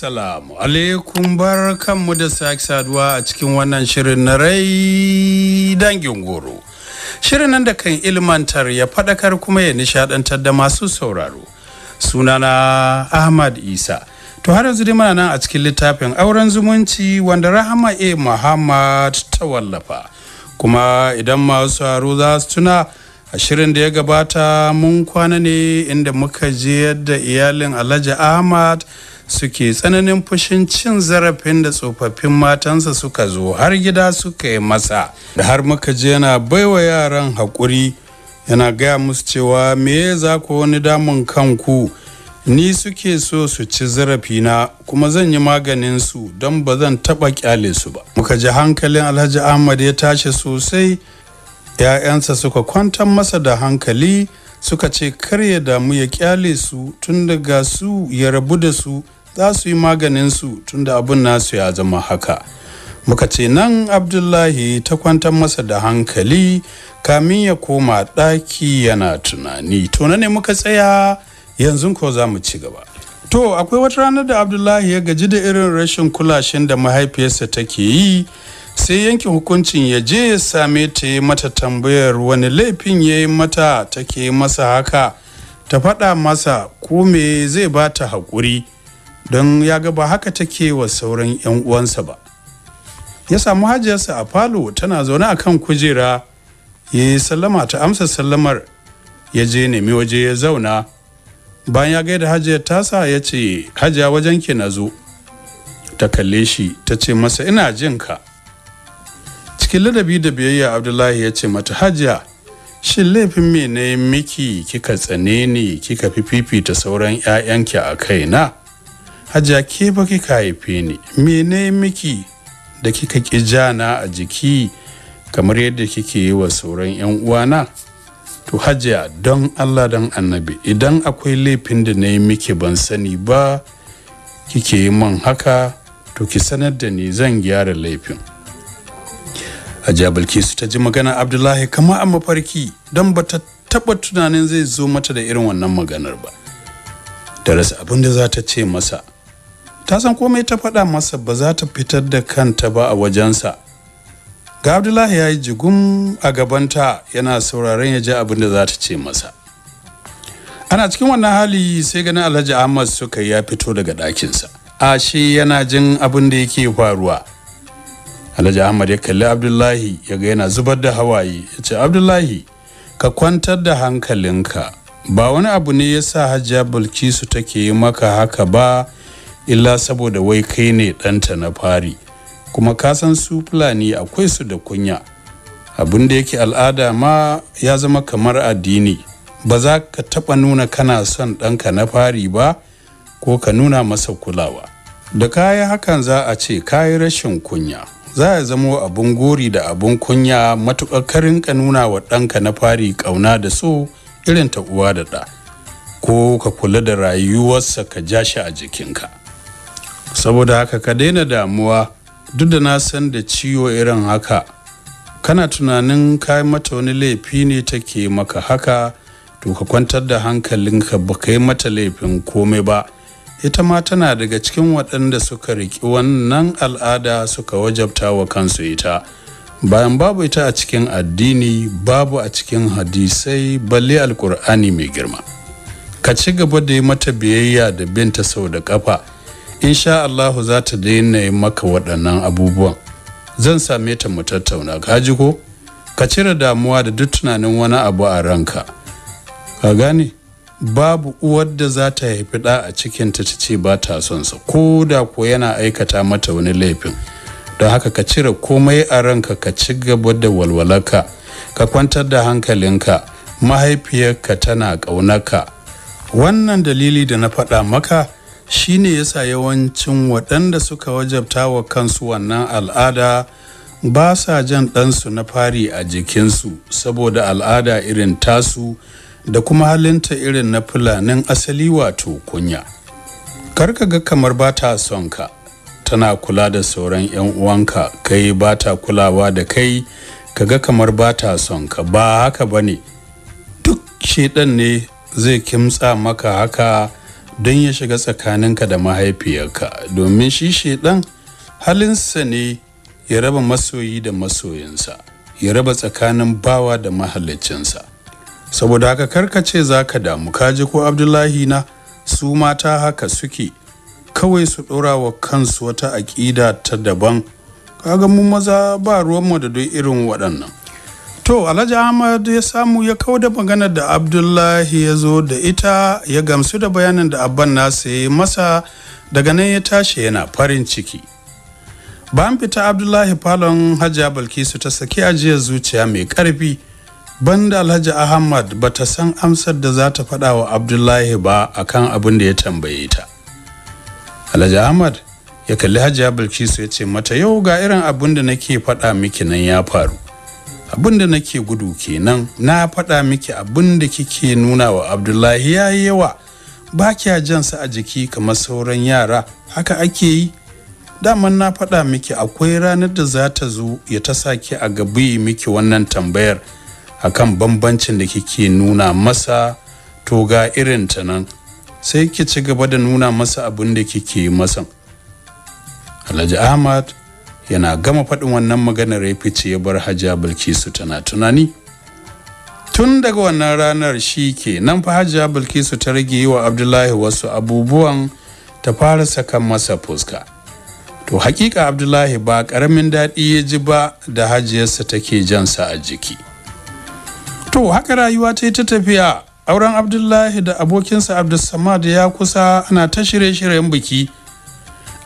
Assalamu alaikum bar kanmu da sake saduwa a cikin wannan shirin na rai dangin goro. Shirin nan da kan ilmantar ya faɗakar kuma ya nishaɗantar da masu sauraro. Sunana Ahmad Isa. To har yanzu dai mana nan a cikin littafin auren zumunci wanda Rahama A. Muhammad ta wallafa. Kuma idan masu sauraro za su tuna a shirin da ya gabata mun kwana ne inda muka je yadda iyalin Alhaji Ahmad suke tsananin fushin cin zarafin da tsofaffin matansa suka zo har gida suka yi masa da har muka je yana baiwa yaran haƙuri yana gaya musu cewa me za ku wani damun kanku ni suke so su ci zarafina kuma zan yi maganin su don ba zan taɓa ƙyale su ba muka ji hankalin alhaji ahmad ya tashi sosai ‘ya'yansa suka kwantar masa da hankali suka ce kar ya damu ya ƙyale su tun daga su ya rabu da su za su yi maganin su tunda abin nasu ya zama haka muka ce nan abdullahi ta kwantar masa da hankali kamin ya koma ɗaki yana tunani to ne muka tsaya yanzu ko za mu ci gaba to akwai wata ranar da abdullahi ya gaji da irin rashin kulashin da mahaifiyarsa take yi sai yanke hukuncin ya je ya same ta yi mata tambayar wani laifin ya yi mata take masa haka ta faɗa masa ko me zai ba ta haƙuri don ya ga ba haka take wa sauran 'yan uwansa ba ya samu hajiyarsa a falo tana zaune a kan kujera ya yi sallama ta amsa sallamar ya je nemi waje ya zauna bayan ya gaida hajiyar tasa ya ce hajiya wajen ke na zo ta kalle shi ta ce masa ina jin ka cikin ladabi da biyayya abdullahi ya ce mata hajiya shin laifin me miki kika tsane ni kika fifita sauran 'ya'yanki a kaina hajja ke ba kika haife ni mene miki da kika ki jana a jiki kamar yadda kike yi wa sauran yan uwana to hajja don allah don annabi idan akwai laifin da na yi miki ban sani ba kike yi man haka to ki sanar da ni zan gyara laifin hajja bilkisu ta ji magana abdullahi kama a mafarki don ba ta taba tunanin zai zo mata da irin wannan maganar ba da rasa abin da za ta ce masa ta san komai ta faɗa masa ba za ta fitar da kanta ba a wajensa ga abdullahi ya yi jigun a gabanta yana sauraron ya ji abin da za ta ce masa ana cikin wannan hali sai ganin alhaji ahmad suka ya fito daga ɗakinsa ashe yana jin abin da yake faruwa alhaji ahmad ya kalli abdullahi ya ga yana zubar da hawaye ya ce abdullahi ka kwantar da hankalinka ba wani abu ne ya sa hajiya bulkisu take yi maka haka ba illa saboda wai kai ne ɗanta na fari kuma ka san su fulani akwai su da kunya abin da yake al'ada ma ya zama kamar addini ba za ka taɓa nuna kana son ɗanka na fari ba ko ka nuna masa kulawa da kayi hakan za a ce kayi rashin kunya za a zamo abin gori da abin kunya matuƙar karin ka nuna wa ɗanka na fari ƙauna da so irin ta uwa da ɗa ko ka kula da rayuwarsa ka ja shi a jikinka saboda haka ka daina damuwa duk da na san da ciwo irin haka kana tunanin ka yi mata wani laifi ne take maka haka to ka kwantar da hankalinka ba ka yi mata laifin komai ba ita ma tana daga cikin waɗanda suka riƙi wannan al'ada suka wajabta wa kansu ita bayan babu ita a cikin addini babu a cikin hadisai balle alkur'ani mai girma ka ci gaba da yi mata biyayya da binta sau da ƙafa insha Allahu za ta daina yin maka waɗannan abubuwan zan same ta mu tattauna ka ji ko ka cire damuwa da duk tunanin wani abu a ranka ka gane babu uwar da za ta haifi ɗa a cikin ta ce ba ta son sa ko da ko yana aikata mata wani laifin don haka ka cire komai a ranka ka ci gaba da walwalarka ka kwantar da hankalinka mahaifiyarka tana ƙaunaka wannan dalili da na faɗa maka shi ne yasa yawancin waɗanda suka wajabta wa kansu wannan al'ada ba sa jan ɗansu na fari a jikinsu saboda al'ada irin tasu da kuma halinta irin na fulanin asali wato kunya karka ga kamar ba ta son ka tana kula da sauran 'yan uwanka kai ba ta kulawa da kai ka ga kamar ba ta son ka ba haka ba ne duk shedan ne zai kimtsa maka haka don ya shiga tsakaninka da mahaifiyarka domin shi shaidan halinsa ne ya raba masoyi da masoyinsa ya raba tsakanin bawa da mahalicinsa saboda haka karkace za ka damu kaji ko abdullahi na su mata haka suke kawai su ɗora wa kansu wata aƙida ta daban kaga mu maza ba ruwanmu da duk irin waɗannan to alhaji ahmad ya samu ya kawo da maganar da abdullahi ya zo da ita ya gamsu da bayanin da abban nasa ya masa daga nan ya tashi yana farin ciki Ban fita abdullahi falon hajiya balkisu ta saki ajiyar zuciya mai karfi banda alhaji ahmad ba ta san amsar da za ta faɗa wa abdullahi ba akan abin da ya tambaye ta alhaji ahmad ya kalli hajiya bilkisu ya ce mata yau ga irin abin da nake faɗa miki nan ya faru abinda nake gudu kenan na faɗa miki abin da kike nuna wa abdullahi ya yawa ba kya jansa a jiki kamar sauran yara haka ake yi daman na faɗa miki akwai ranar da za ta zo ya ta sake a gabi miki wannan tambayar akan bambancin da kike nuna masa to ga irin ta nan sai ki ci gaba da nuna masa abin da kike masa alhaji ahmad yana gama faɗin wannan maganar ya fice ya bar hajiya bilkisu tana tunani tun daga wannan ranar shi ke nan fa hajiya bilkisu ta rage yi wa abdullahi wasu abubuwan ta fara sakan masa fuska to hakika abdullahi ba karamin daɗi ya ji ba da hajiyarsa take jansa a jiki to haka rayuwa ta yi ta tafiya auren abdullahi da abokinsa abdulsamad ya kusa ana ta shirye-shiryen biki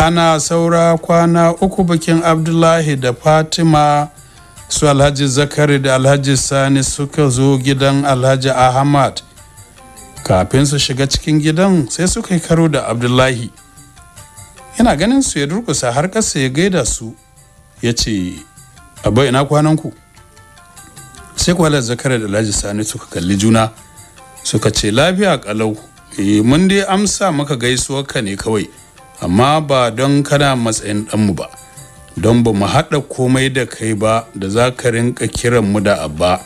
ana saura kwana uku bikin abdullahi da fatima su alhaji zakari da alhaji sani suka zo gidan alhaji ahmad kafin su shiga cikin gidan sai suka yi karo da abdullahi yana ganin su ya durkusa har ƙasa ya gaida su ya ce abai ina kwananku sai kwalar zakari da alhaji sani suka kalli juna suka ce lafiya kalau eh, mun dai amsa maka gaisuwarka ne kawai amma ba don kana matsayin ɗanmu ba don ba mu haɗa komai da kai ba da za ka rinka kiran mu da abba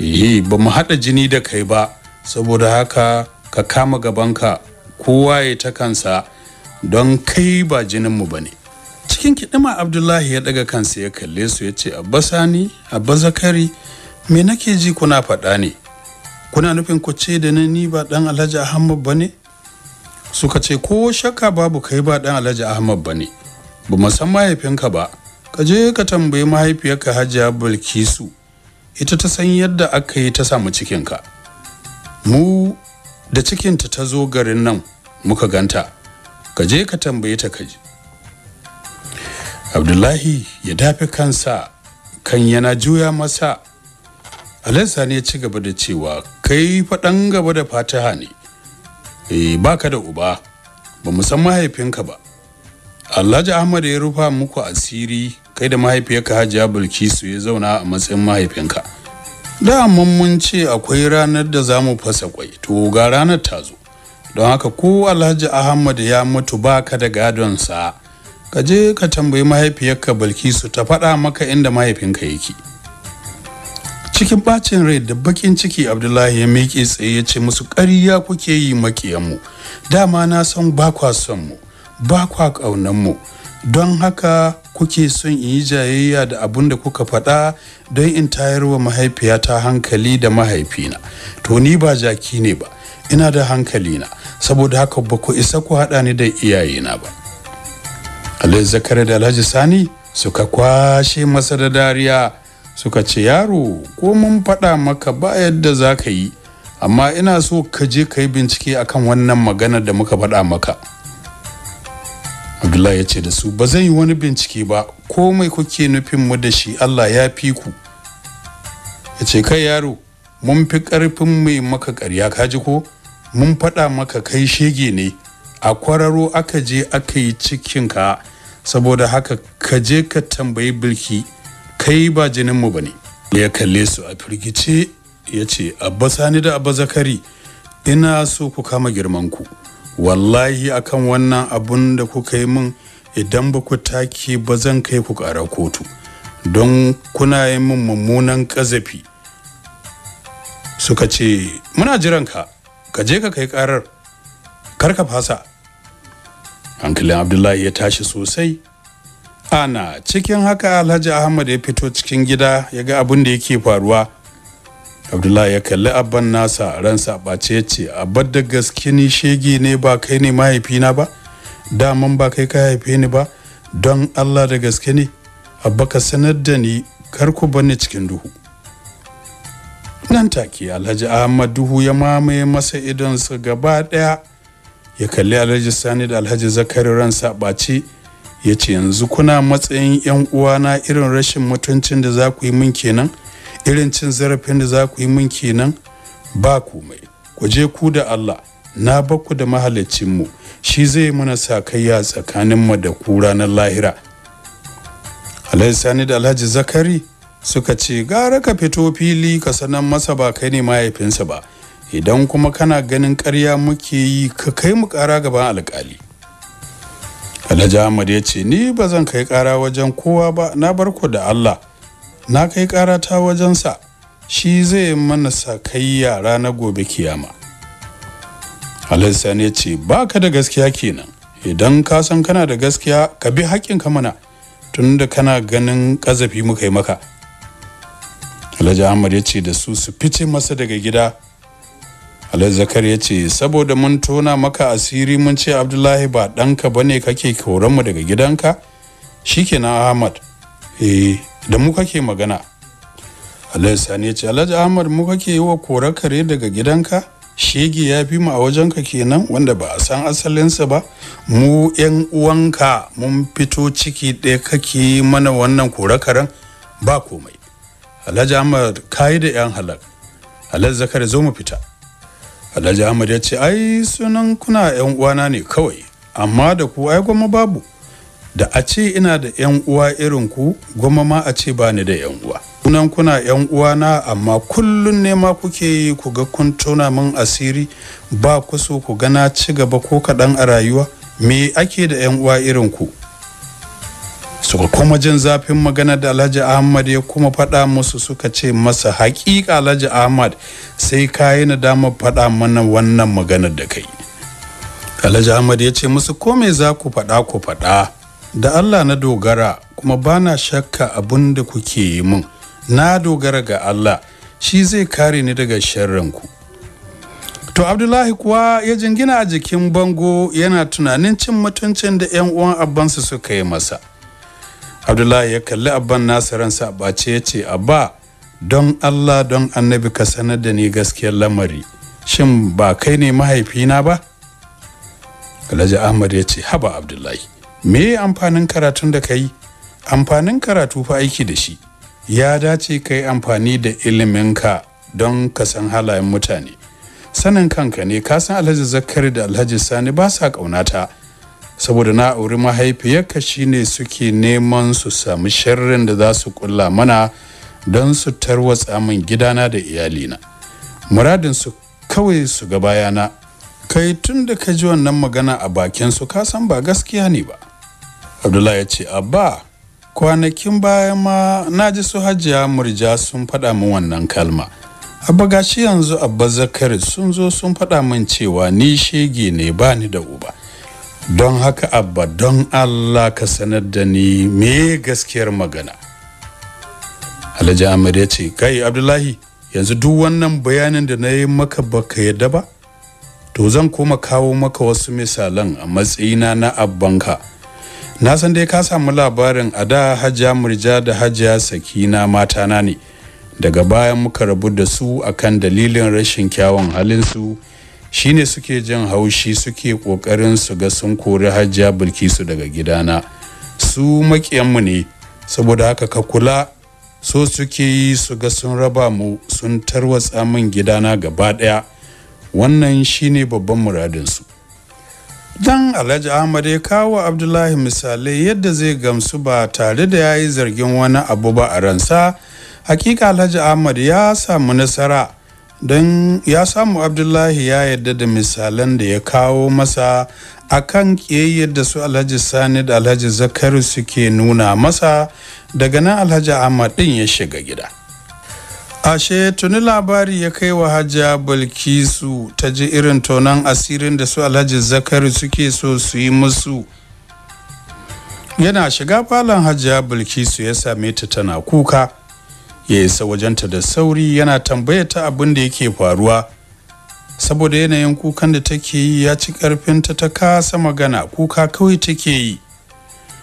yi ba mu haɗa jini da kai ba saboda haka ka kama gabanka kowa ya ta kansa don kai ba jininmu ba ne cikin kiɗima abdullahi ya ɗaga kansa ya kalle su ya ce abba sani abba zakari me nake ji kuna faɗa ne kuna nufin ku ce da ni ba ɗan alhaji ahmad ba ne suka ce ko shakka babu kai ba dan alhaji ahmad ba ne ba mu san mahaifinka ba ka je ka tambayi mahaifiyarka hajiya bilkisu ita ta san yadda aka yi ta samu cikinka mu da cikinta ta zo garin nan muka ganta ka je ka tambaye ta kaji. abdullahi ya dafi kansa kan yana juya masa alisa ne ya ci gaba da cewa kai faɗan gaba da fataha ne eh baka da uba ba mu san mahaifinka ba Alhaji Ahmad ya rufa muku asiri kai da mahaifiyarka Hajiya Bilkisu ya zauna a matsayin mahaifinka da mun ce akwai ranar da za mu fasa kwai to ga ranar ta zo don haka ko Alhaji Ahmad ya mutu baka da gadonsa ka je ka tambayi mahaifiyarka Bilkisu ta faɗa maka inda mahaifinka yake cikin bacin rai da bakin ciki abdullahi ya miƙe tsaye ya ce musu ƙarya kuke yi makiyanmu dama na san ba kwa son mu ba kwa ƙaunanmu don haka kuke son in yi jayayya da abun da kuka faɗa don in tayar wa mahaifiyata hankali da mahaifina to ni ba jaki ne ba ina da hankali na saboda haka ba ku isa ku haɗa ni da iyayena ba alhaji zakari da alhaji sani suka kwashe masa da dariya suka ce yaro ko mun faɗa maka ba yadda za ka yi amma ina so ka je ka yi bincike akan wannan magana da muka faɗa maka abdullahi ya ce da su ba zan yi wani bincike ba komai kuke nufin mu da shi allah ya fi ku ya ce kai yaro mun fi ƙarfin mai maka ƙarya ka ji ko mun faɗa maka kai shege ne a kwararo aka je aka yi cikinka saboda haka ka je ka tambayi bilki kai ba jininmu ba ne ya kalle su a firgice ya ce abba sani da abba zakari ina so ku kama girmanku wallahi akan wannan abun da kuka yi min idan ba ku take ba zan kai ku ƙara kotu don kuna yi min mummunan ƙazafi suka ce muna jiran ka je ka kai karar kar ka fasa hankalin abdullahi ya tashi sosai ana cikin haka alhaji ahmad ya fito cikin gida ya ga abin da yake faruwa abdullahi ya kalli abban nasa ransa ɓace ya ce da gaske ni shege ne ba kai ne mahaifina ba daman ba kai ka haife ni ba don allah da gaske ne abba ka sanar da ni kar ku bani cikin duhu nan take alhaji ahmad duhu ya mamaye masa idonsa gaba ɗaya ya kalli alhaji sani da alhaji zakari ransa ɓace ya ce yanzu kuna matsayin 'yan uwa na irin rashin mutuncin da za ku yi min kenan irin cin zarafin da za ku yi min kenan ba komai ku je ku da allah na bakku da mu shi zai mana tsakanin mu da ku ranar lahira alhaji sani da alhaji zakari suka ce gara ka fito fili ka sanan masa ba kai ne mahaifinsa ba idan kuma kana ganin karya muke yi ka kai mu ƙara gaban alƙali alhaji ahmad ya ce ni ba zan kai kara wajen kowa ba na barko da allah na kai kara ta wajensa shi zai mana sakayya ranar gobe kiyama alhaji sani ya ce ba ka da gaskiya kenan idan ka san kana da gaskiya ka bi haƙƙinka mana tunda kana ganin ƙazafi muka yi maka alhaji ahmad ya ce da su su fice masa daga gida alhaji zakar ya ce saboda mun tona maka asiri mun ce abdullahi ba ɗanka ba ne kake mu daga gidanka shi ke na ahmad eh da mu kake magana alhaji sani ya ce alhaji ahmad mu kake yi wa kore kare daga gidanka shege ya fi mu a wajenka kenan wanda ba a san asalinsa ba mu yan uwanka mun fito ciki ɗaya kake mana wannan kore karen ba komai alhaji ahmad ka yi da yan halak alhaji zakar zo mu fita alhaji ahmad ya ce ai sunan kuna yan uwana ne kawai amma da ku ai gwama babu da a ce ina da yan uwa irin ku gwama ma a ce bani da yan uwa sunan kuna yan uwana amma kullun ne ma kuke yi ku ga kun tona min asiri ba ku so ku gana ci gaba ko kaɗan a rayuwa me ake da yan uwa irin ku suka kuma jin zafin magana da alhaji ahmad ya kuma faɗa musu suka ce masa haƙiƙa alhaji ahmad sai ka yi na damar faɗa mana wannan maganar da kai alhaji ahmad ya ce musu ko me za ku faɗa ku faɗa da allah na dogara kuma bana shakka abun da kuke yi min na dogara ga allah shi zai kare ni daga sharranku ku To Abdullahi kuwa ya jingina a jikin bango yana tunanin cin mutuncin da 'yan uwan abansa suka yi masa. abdullahi ya kalli abban nasa ransa a bace ya ce abba don allah don annabi ka sanar da ni gaskiyar lamari shin ba kai ne mahaifina ba alhaji ahmad ya ce haba abdullahi me amfanin karatun da ka amfanin karatu fa aiki da shi ya dace ka yi amfani da ilimin ka don ka san halayen mutane sanin kanka ne ka san alhaji zakari da alhaji sani ba sa ƙaunata saboda na auri mahaifiyarka shine suke neman su samu sharrin da za su kula mana don su tarwatsa min gidana da iyalina muradin su kawai su ga bayana kai tun da ka ji wannan magana a bakin su ka san ba gaskiya ne ba abdullahi ya ce abba kwanakin baya ma na ji su hajiya murja sun faɗa min wannan kalma abba gashi yanzu abba zakari sun zo sun faɗa min cewa ni shege ne ba ni da uba don haka abba don allah ka sanar da ni me gaskiyar magana alhaji ahmad ya ce kai abdullahi yanzu duk wannan bayanin da na yi maka baka yadda ba to zan koma kawo maka wasu misalan a matsayina na abbanka na san dai ka samu labarin a da hajiya murja da hajiya sakina matana ne daga bayan muka rabu da su akan dalilin rashin kyawun halin su shine suke jan haushi suke kokarin su ga sun kori hajja bilkisu daga gidana su makiyanmu ne saboda haka ka kula so suke yi su ga sun raba mu sun tarwatsa min gidana gaba daya wannan shine babban muradinsu dan alhaji ahmad ya kawo abdullahi misalai yadda zai gamsu ba tare da ya yi zargin wani abu ba a ransa hakika alhaji ahmad ya samu nasara don ya samu abdullahi ya yarda da misalan da ya kawo masa akan kan da su alhaji sani da alhaji zakaru suke nuna masa daga nan alhaji ahmad din ya shiga gida ashe tuni labari ya kai wa hajja bilkisu ta ji irin tonan asirin da su alhaji zakaru suke so su yi musu yana shiga falon hajja bilkisu ya same ta tana kuka ya isa wajenta da sauri yana tambaya ta abin da yake faruwa saboda yanayin kukan da take yi ya ci karfinta ta kasa magana kuka kawai take yi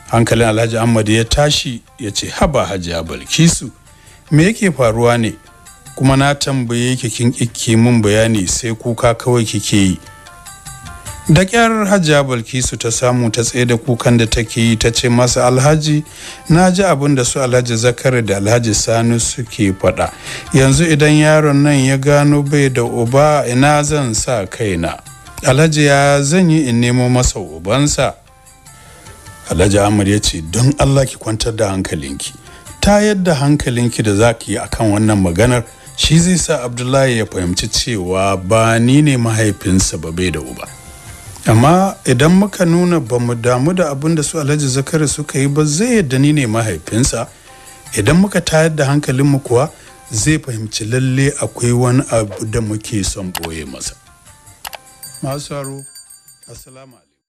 hankalin alhaji ahmad ya tashi ya ce haba hajiya balkisu me yake faruwa ne kuma na tambaye ki kin mun bayani sai kuka kawai kike yi da kyar hajiya balkisu ta samu ta tsaye da kukan da take yi ta ce masa alhaji na ji abin da su alhaji zakari da alhaji sani suke faɗa yanzu idan yaron nan ya gano bai da uba ina zan sa kaina alhaji ya zan yi in nemo masa ubansa alhaji amur ya ce don allah ki kwantar da hankalinki ta yadda hankalinki da za ki yi akan wannan maganar shi zai sa abdullahi ya fahimci cewa ba ni ne mahaifinsa ba bai da uba amma idan muka nuna ba mu damu da abin da su alhaji zakari suka yi ba zai yadda ni ne mahaifinsa idan muka tayar da hankalinmu kuwa zai fahimci lalle akwai wani abu da muke son boye masa masu assalamu